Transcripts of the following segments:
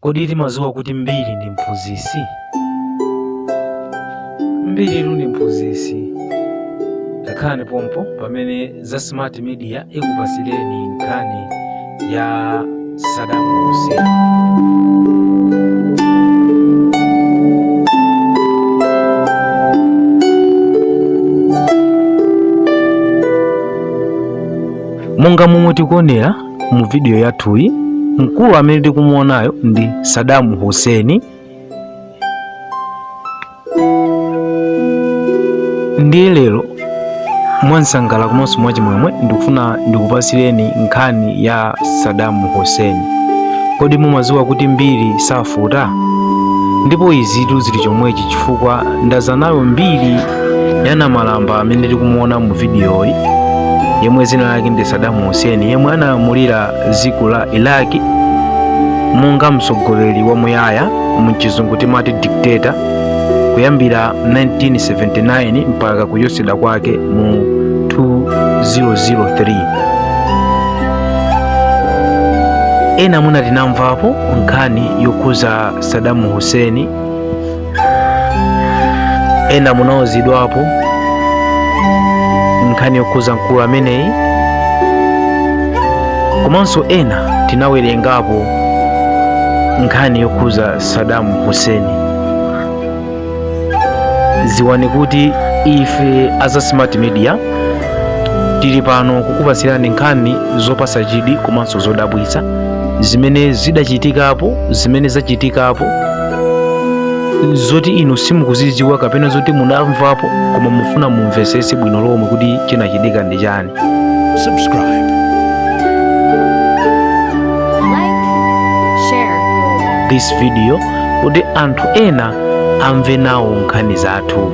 kodi timazuwa kuti mbiri ndi mphunzitsi, mbiritu ndi mphunzitsi yakhani pompo pamene za smart media ikupasireni nkhani ya Saddam Hussein. Monga momwe tikuonera mu video yathuyi mkuu amene tikumuonayo ndi Sadamu Huseni ndi lero mwansangala kunoso mwachimwemwe mwemwe ndikufuna ndikupasireni nkhani ya Sadamu Huseni kodi mumaziwa kuti mbiri safuta ndipo izitu tuzili chomwechi chifukwa ndazanayo mbiri yanamalamba amene tikumuona mu vidiyoyi yemwe zina lake ndi sadamu huseni yemwe analamulira ziku la Iraq monga msogoleri wa muyaya chizungu timati dictator kuyambira 1979 mpaka kuchosedwa kwake mu 2003 ena muna tinamvapo nkhani yokhuza Saddam Hussein ena munawuzidwapo nkhani yokhuza mkulu ameneyi komanso ena tinawerengapo nkhani yokhuza Saddam Hussein ziwani kuti ife aza Smart Media tili pano kukupasirani nkhani zopasa chidi komanso zodabwitsa zimene zidachitikapo zimene zachitikapo zoti inu simukuzidziwa kapena zoti munamvapo koma mufuna mumvesese bwino lomwe kuti chinachitika ndi chani this video kuti anthu ena amve nawo nkhani zathu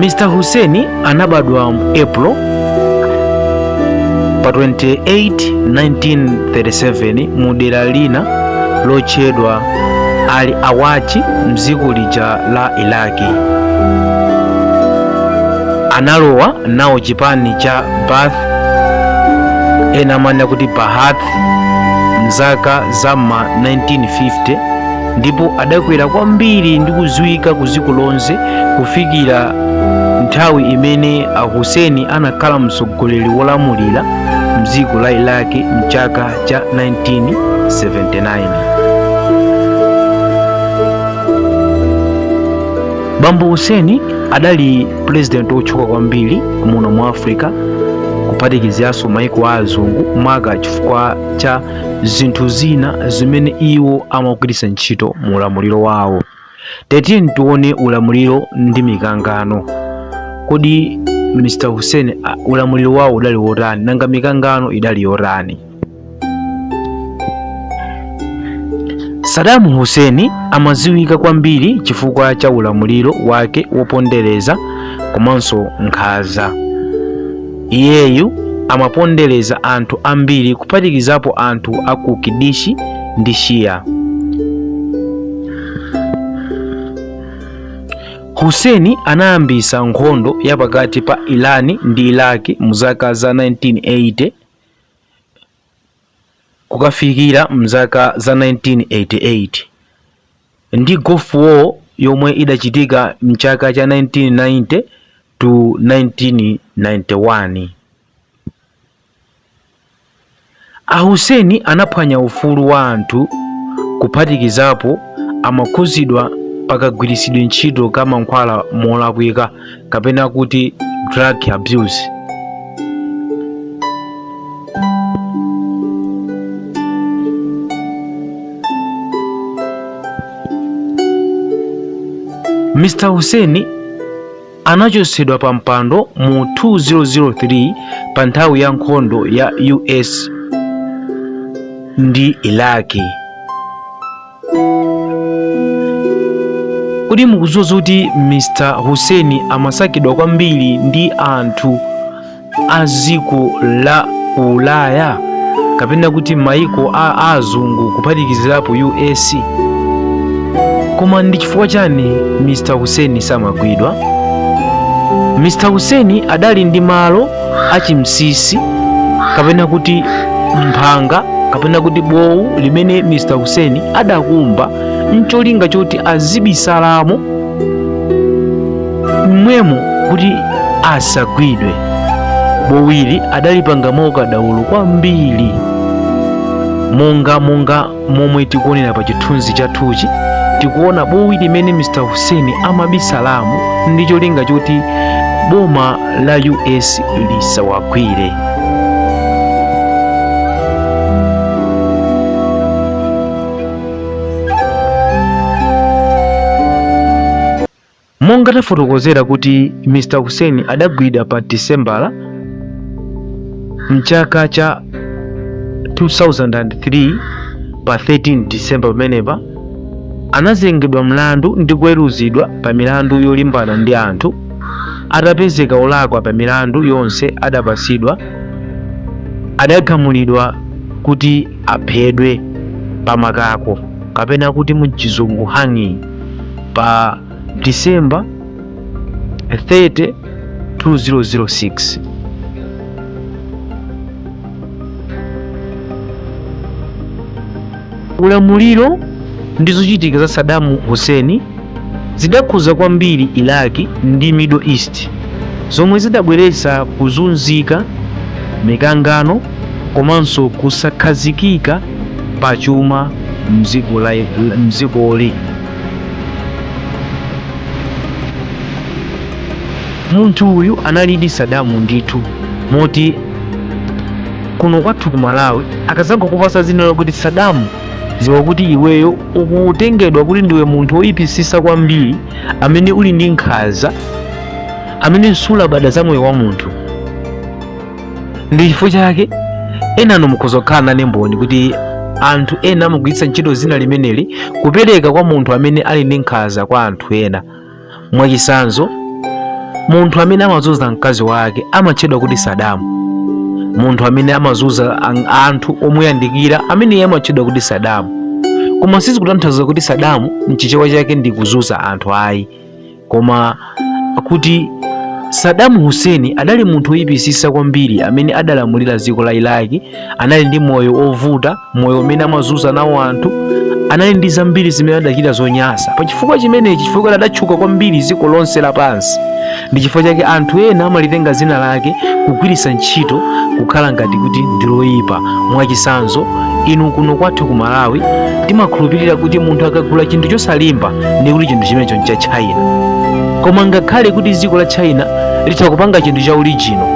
mr hussein anabadwa mu april pa 28 1937 mu lina lotchedwa ali Awachi mdziko lija la Iraki analowa nawo chipani cha bath enamanya kuti Baath mzaka za ma 1950 ndipo adakwera kwambiri ndi kuziwika ku dziko lonse kufikira nthawi imene huseni anakhala msogoleri wolamulira mdziko la iraq mchaka cha 1979 Bambo Huseni adali president wotchuka kwambiri muno mu Africa kupatikizaso maiko a azungu maka chifukwa cha zinthu zina zimene iwo amagwiritsa ntchito mu ulamuliro wawo. 13 tione ulamuliro ndi mikangano kodi minister Hussein ulamuliro wawo udali wotani nanga mikangano idali yotani? Saddam Hussein amaziwika kwambiri chifukwa cha ulamuliro wake wopondereza komanso nkhaza. Iyeyu amapondereza anthu ambiri kupatikizapo anthu aku Kidishi ndi Shia. Huseni anayambisa nkhondo ya pakati pa Iran ndi Iraq mzaka za 1980 kukafikira mzaka za 1988 ndi Gulf War yomwe idachitika mchaka cha 1990 to 1991. A Huseni anaphwanya ufulu wa anthu kuphatikizapo amakhuzidwa pakagwiritsidwe ntchito ka mankhwala moolakwika kapena kuti drug abuse mr hussein anachotsedwa pa mpando mu 2003 pa nthawi ya nkhondo ya us ndi iraki kuli mukuziwa zoti mr hussein amasakidwa kwambiri ndi anthu a ziko la ulaya kapena kuti maiko a azungu kuphatikizirapo us koma ndi chifukwa chani mr hussein samagwidwa mr huseni adali ndi malo achimsisi kapena kuti mphanga kapena kuti bowu limene mr huseni adakumba ncholinga choti azibisa mmwemo kuti asagwidwe bowili adalipanga moka dawulo kwambiri monga monga momwe tikuonera pa chithunzi chathuchi tikuona bowili mene mr hussein amabisalamu ndi cholinga choti boma la us lisawagwire monga tafotozera kuti Mr Hussein adagwidwa pa December mchaka cha 2003 pa 13 December pamenepa anazengedwa mlandu ndi kuweruzidwa pa milandu yolimbana ndi anthu atapezeka olakwa pa milandu yonse adapasidwa adagamulidwa kuti aphedwe pamakako kapena kuti mujizungu hangi pa December 30, 2006. Ulamuliro ndi zochitika za Saddam Hussein zidakhuza kwambiri Iraq ndi Middle East zomwe zidabweretsa kuzunzika, mikangano komanso kusakhazikika pa chuma mdzikoli muntu uyu analidi sadamu nditu moti kuno kwathu ku malawi akasankho zina lakuti sadamu ziwa kuti iweyo ukutengedwa kuti ndiwe munthu woyipisisa kwambiri amene uli ndi nkhaza amene sulabada za moyo wa munthu ndi chifukwa chake ena anu nane mboni kuti anthu ena amagwiritsa ntchito zina limeneli kupereka kwa munthu amene ali ndi nkhaza kwa anthu ena mwachisanzo munthu amene amazuza mkazi wake amatchedwa kuti sadamu munthu amene amazuza anthu omuyandikira amene iye amatchedwa kuti sadamu koma sizikutanthauza kuti sadamu mchichewa chake ndi kuzuza anthu ayi koma kuti Saddam Hussein adali munthu woyipisisa kwambiri amene adalamulira ziko la iraki anali ndi moyo ovuta, moyo umene amazuza nawo anthu, anali ndi zambiri zimene adachita zonyasa. Pa chifukwa chimenechi, chifukwa adatchuka kwambiri ziko lonse lapansi. ndi chifukwa chake anthu ena amalitenga zina lake kugwiritsa ntchito kukhala ngati kuti ndi loyipa mwachisanzo inu kuno kwathu ku malawi timakhulupirira kuti munthu akagula chinthu chosalimba ndi kuti chinthu chimenecho ncha china koma ngakhale kuti dziko la china litha kupanga chinthu cha ulijino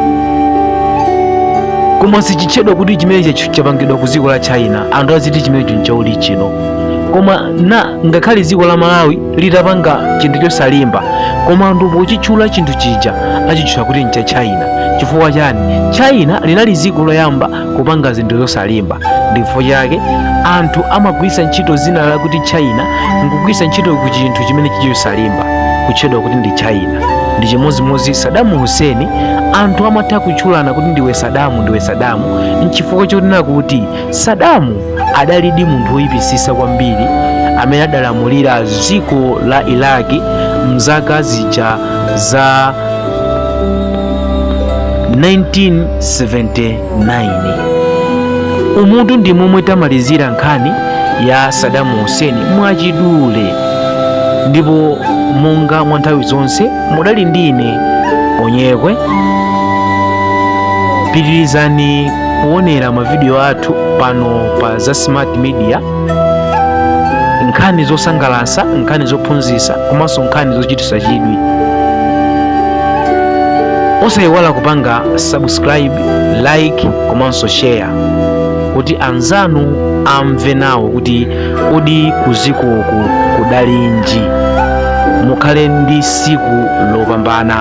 koma sichitchedwa kuti chimenechi chapangidwa ku dziko la china anthu aziti chimenecho ncha ulijino koma na ngakhale dziko la malawi litapanga chinthu chosalimba koma ndi pochitchula chinthu chija achitchula kuti ncha china chifukwa chani china linali dziko loyamba kupanga zinthu zosalimba ndifo chake anthu amagwisa ntchito zina lakuti china nkugwisa ntchito ku chinthu chimene chichosalimba kutchedwa kuti ndi china ndi chimodzi sadamu huseni anthu amatha kutchulana kuti ndiwe sadamu ndiwe sadamu mchifukwa chotina kuti sadamu adalidi munthu woyipisisa kwambiri amene adalamulira dziko la iraki mzaka zija za 1979 umutu ndi momwe tamalizira nkhani ya sadamu huseni mwachidule ndipo munga mwa nthawi zonse mudali ndi ine onyekwe pitirizani kuonera mavidiyo athu pano pa za smart media nkhani zosangalasa nkhani zophunzisa komanso nkhani zochititsa chidwi osayiwala kupanga subscribe like komanso share kuti anzanu amve nawo kuti udi kuzikoku nji mukhale ndi siku lopambana